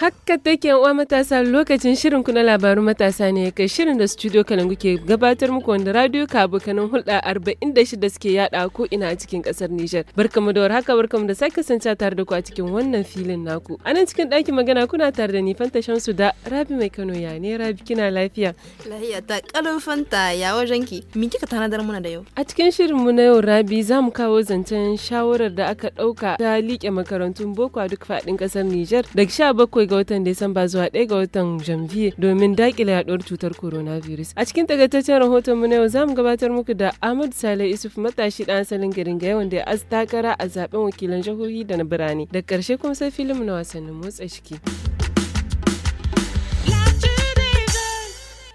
Hakka take yan matasa lokacin shirin ku na labarun matasa ne kai shirin da studio Kalangu ke gabatar muku wanda radio ka kanin hulɗa 46 suke yada ko ina a cikin kasar Nijar. Barkamu da warhaka barkamu da sake kasance tare da ku a cikin wannan filin naku. A nan cikin ɗakin magana kuna tare da ni Fanta Shamsu da Rabi Mai Kano ya ne Rabi kina lafiya. Lafiya ta kalon Fanta ya wajen ki. Me kika tanadar mana da yau? A cikin shirin mu na yau Rabi za mu kawo zancen shawarar da aka ɗauka ta liƙe makarantun boko a duk faɗin ƙasar Nijar daga 17 ga watan Desamba zuwa 1 ga watan Janvier domin dakile yaduwar cutar coronavirus. A cikin tagataccen rahoton mu na yau zamu gabatar muku da Ahmad Sale Yusuf matashi dan asalin garin Gaya wanda ya az takara a zaben wakilan jihohi da na birane. Da karshe kuma sai filim na wasannin motsa ciki.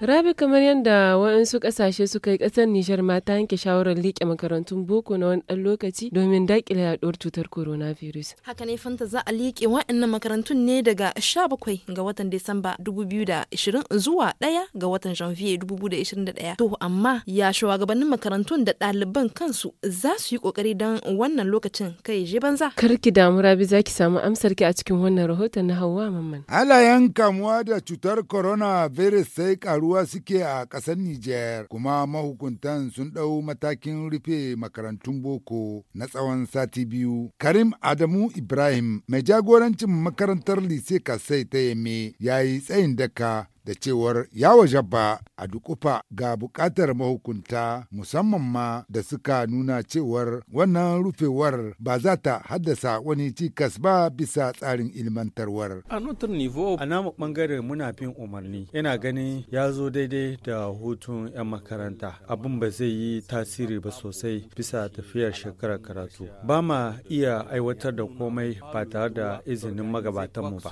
Rabi kamar yadda waɗansu ƙasashe suka yi ƙasar Nijar ma ta yanke shawarar liƙe makarantun boko na wani ɗan lokaci domin daƙile yaɗuwar cutar coronavirus. Haka ne fanta za a liƙe waɗannan makarantun ne daga 17 ga watan Disamba 2020 zuwa 1 ga watan Janvier 2021. To amma ya shugabannin makarantun da ɗaliban kansu za su yi ƙoƙari don wannan lokacin kai je banza. Kar ki damu Rabi za ki samu amsar ki a cikin wannan rahoton na Hauwa Mamman. Halayen kamuwa da cutar coronavirus sai karu ruwa suke a ƙasar Nijar kuma mahukuntan sun ɗau matakin rufe makarantun boko na tsawon sati biyu. Karim Adamu Ibrahim mai jagorancin makarantar Lise Kasai ta Yeme ya yi tsayin daka da cewar ya ba a dukufa ga bukatar mahukunta musamman ma da suka nuna cewar wannan rufewar ba za ta haddasa wani cikas ba bisa tsarin ilmantarwar. A notar nivo a namu bangare muna bin umarni yana ganin ya zo daidai da hutun 'yan makaranta abin ba zai yi tasiri ba sosai bisa tafiyar shekarar karatu. Ba ma iya aiwatar da komai ba tare da izinin magabatanmu ba.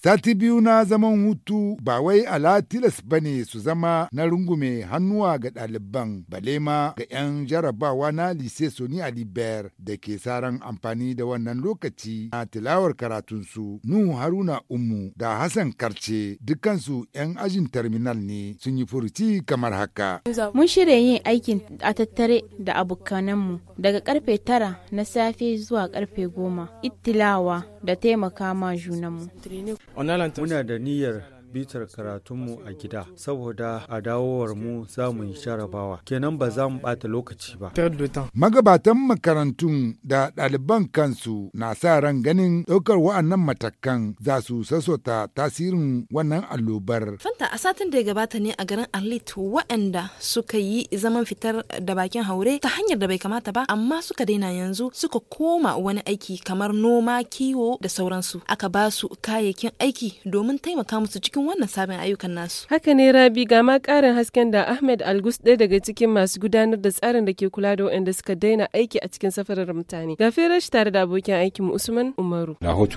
Sati biyu na zaman hutu ba wai ala tilas ba ne su zama na rungume hannuwa ga ɗaliban bale ma ga 'yan jarabawa na lise soni aliber da ke saran amfani da wannan lokaci na tilawar karatunsu nu haruna umu da hassan karce dukansu 'yan ajin terminal ne sun yi furuci kamar haka. mun shirya yin aikin a tattare da abokananmu daga karfe tara na safe zuwa karfe goma ittilawa da taimaka ma junanmu. muna da niyya later. bitar karatunmu a gida saboda a dawowar mu za mu yi jarabawa kenan ba za mu bata lokaci ba. Magabatan makarantun da ɗaliban kansu na sa ran ganin ɗaukar wa'annan matakan za su sasota tasirin wannan allobar. Fanta a satin da ya gabata ne a garin Arlit waɗanda suka yi zaman fitar da bakin haure ta hanyar da bai kamata ba amma suka daina yanzu suka koma wani aiki kamar noma kiwo da sauransu aka ba su kayayyakin aiki domin taimaka musu cikin cikin wannan sabon ayyukan nasu. Haka ne Rabi ga ma ƙarin hasken da Ahmed Algus ɗaya daga cikin masu gudanar da tsarin da ke kula da waɗanda suka daina aiki a cikin safarar mutane. Ga shi tare da abokin aikin Usman Umaru.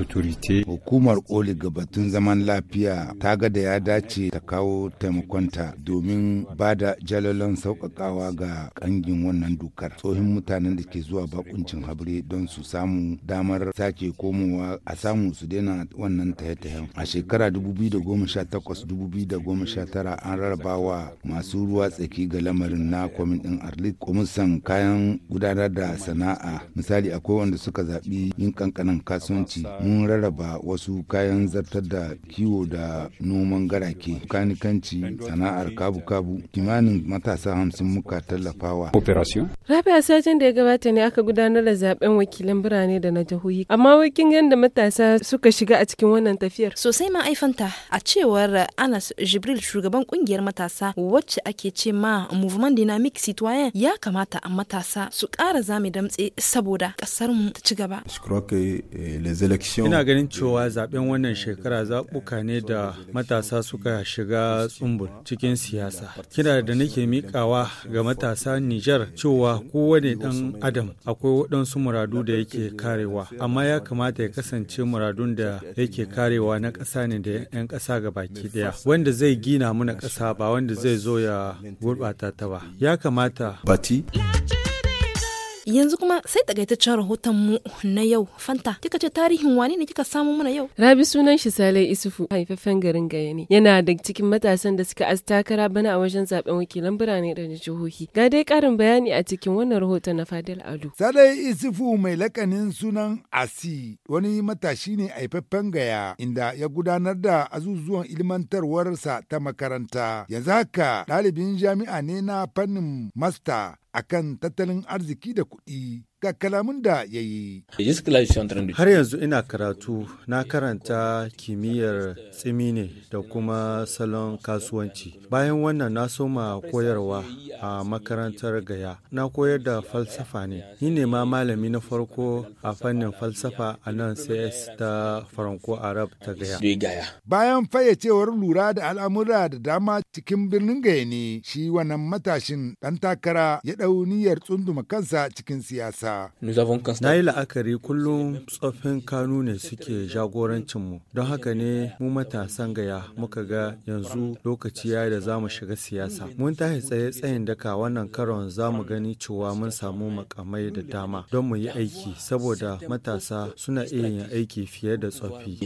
turite Hukumar Oli gabatun zaman lafiya ta ga da ya dace ta kawo taimakonta domin ba da jalolan sauƙaƙawa ga ƙangin wannan dokar. Tsohin mutanen da ke zuwa bakuncin habire don su samu damar sake komowa a samu su daina wannan tahe-tahen. A shekara 2010 2018-2019 an rarrabawa masu ruwa tsaki ga lamarin na kwamin din Arlit kwamisan kayan gudanar da sana'a. Misali akwai wanda suka zaɓi yin kankanin kasuwanci mun rarraba wasu kayan zartar da kiwo da noman garake, kanikanci, sana'ar kabu-kabu, kimanin matasa hamsin muka tallafawa. Rabi'a satin da ya gabata ne aka gudanar da zaben wakilan birane da na jihohi, amma wakin yadda matasa suka shiga a cikin wannan tafiyar. Sosai ma aifanta a cewa cewar anas jibril shugaban kungiyar matasa wacce ake ce ma movement dynamic citoyen ya kamata a matasa su kara zame damtse saboda kasar mu ta ci gaba eh, ina ganin cewa zaben wannan shekara zaɓuka ne da matasa suka shiga tsumbul cikin siyasa kira da nake mikawa ga matasa nijar cewa kowane dan adam akwai waɗansu muradu da yake karewa amma ya kamata ya kasance muradun da yake karewa na ƙasa ne da 'yan ƙasa gaba baki daya wanda zai gina muna ƙasa ba wanda zai zo ya gurɓata ta ba ya kamata bati yanzu kuma sai takaitaccen rahoton mu na yau fanta kika ce tarihin wane ne kika samu mana yau rabi sunan shi sale isufu haifafen garin gaya ne yana da cikin matasan da suka azi takara bana a wajen zaben wakilan birane da jihohi ga dai karin bayani a cikin wannan rahoton na fadil alu sale isufu mai lakanin sunan asi wani matashi ne haifaffen gaya inda ya gudanar da azuzuwan ilmantarwarsa ta makaranta yanzu haka ɗalibin jami'a ne na fannin masta akan tattalin arziki da kuɗi. ga kalamun da ya yi. Har yanzu ina karatu na karanta kimiyyar tsimi ne da kuma salon kasuwanci. Bayan wannan na soma koyarwa a makarantar gaya. Na koyar da falsafa ne. Ni ne ma malami na farko a fannin falsafa a nan CS ta Faranko Arab ta gaya. Bayan fayyacewar lura da al'amura da dama cikin birnin gaya ne shi wannan matashin ɗan takara ya ɗau niyyar tsunduma kansa cikin siyasa. na yi la'akari kullum tsoffin kanu ne suke jagorancinmu don haka ne mu matasan gaya muka ga yanzu lokaci ya da za mu shiga siyasa mun tashi tsaye tsayin daka wannan karon za mu gani cewa mun samu makamai da dama don mu yi aiki saboda matasa suna iya yin aiki fiye da tsofi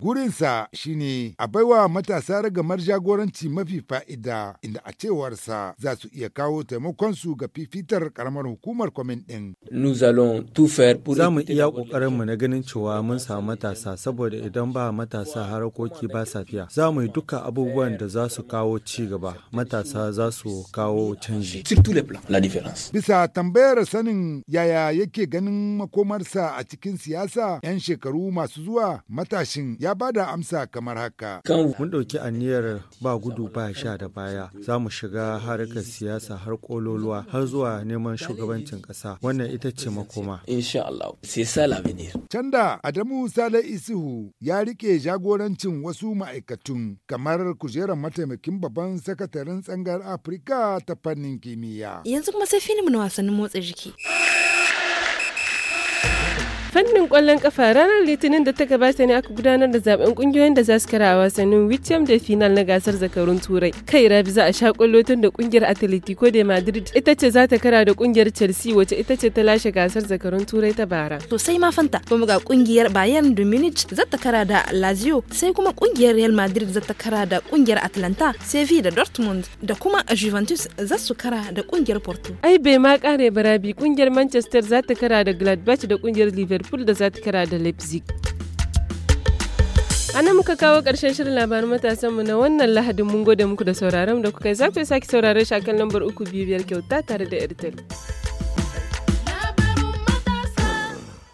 gurinsa shi ne a baiwa matasa ragamar jagoranci mafi fa'ida inda a cewarsa za su iya kawo taimakonsu ga fifitar karamar hukumar kwamin din nous allons tout faire pour za mu iya ƙoƙarin mu na ganin cewa mun samu matasa saboda idan ba matasa harakoki ba safiya za mu yi duka abubuwan da za su kawo ci gaba matasa za su kawo canji bisa tambayar sanin yaya yake ganin makomarsa a cikin siyasa yan shekaru masu zuwa matashin ya bada amsa kamar haka mun ɗauki aniyar ba gudu ba sha da baya za mu shiga harkar siyasa har kololuwa har zuwa neman shugabancin ƙasa wannan ita ce makoma. Insha Allah, sai sa labanin. Canda Adamu Sale Isihu ya rike jagorancin wasu ma'aikatun kamar kujerar mataimakin babban sakataren tsangar Afirka ta fannin kimiyya. Yanzu kuma sai mu na wasannin motsa jiki. fannin kwallon kafa ranar litinin da ta gabata ne aka gudanar da zaben kungiyoyin da za su kara a wasannin wichem da final na gasar zakarun turai kai rabi za a sha kwallo tun da kungiyar atletico de madrid ita ce za ta kara da kungiyar chelsea wacce ita ce ta lashe gasar zakarun turai ta bara sosai ma fanta kuma ga kungiyar bayern de munich za ta kara da lazio sai kuma kungiyar real madrid za ta kara da kungiyar atlanta sevilla da dortmund da kuma juventus za su kara da kungiyar porto ai bai ma kare barabi kungiyar manchester za ta kara da gladbach da kungiyar liverpool liverpool da za ta kira da leipzig A nan muka kawo ƙarshen shirin labarin matasanmu na wannan lahadin mun gode muku da sauraron da kuka yi za sake sauraron shakan lambar uku biyu kyauta tare da Airtel.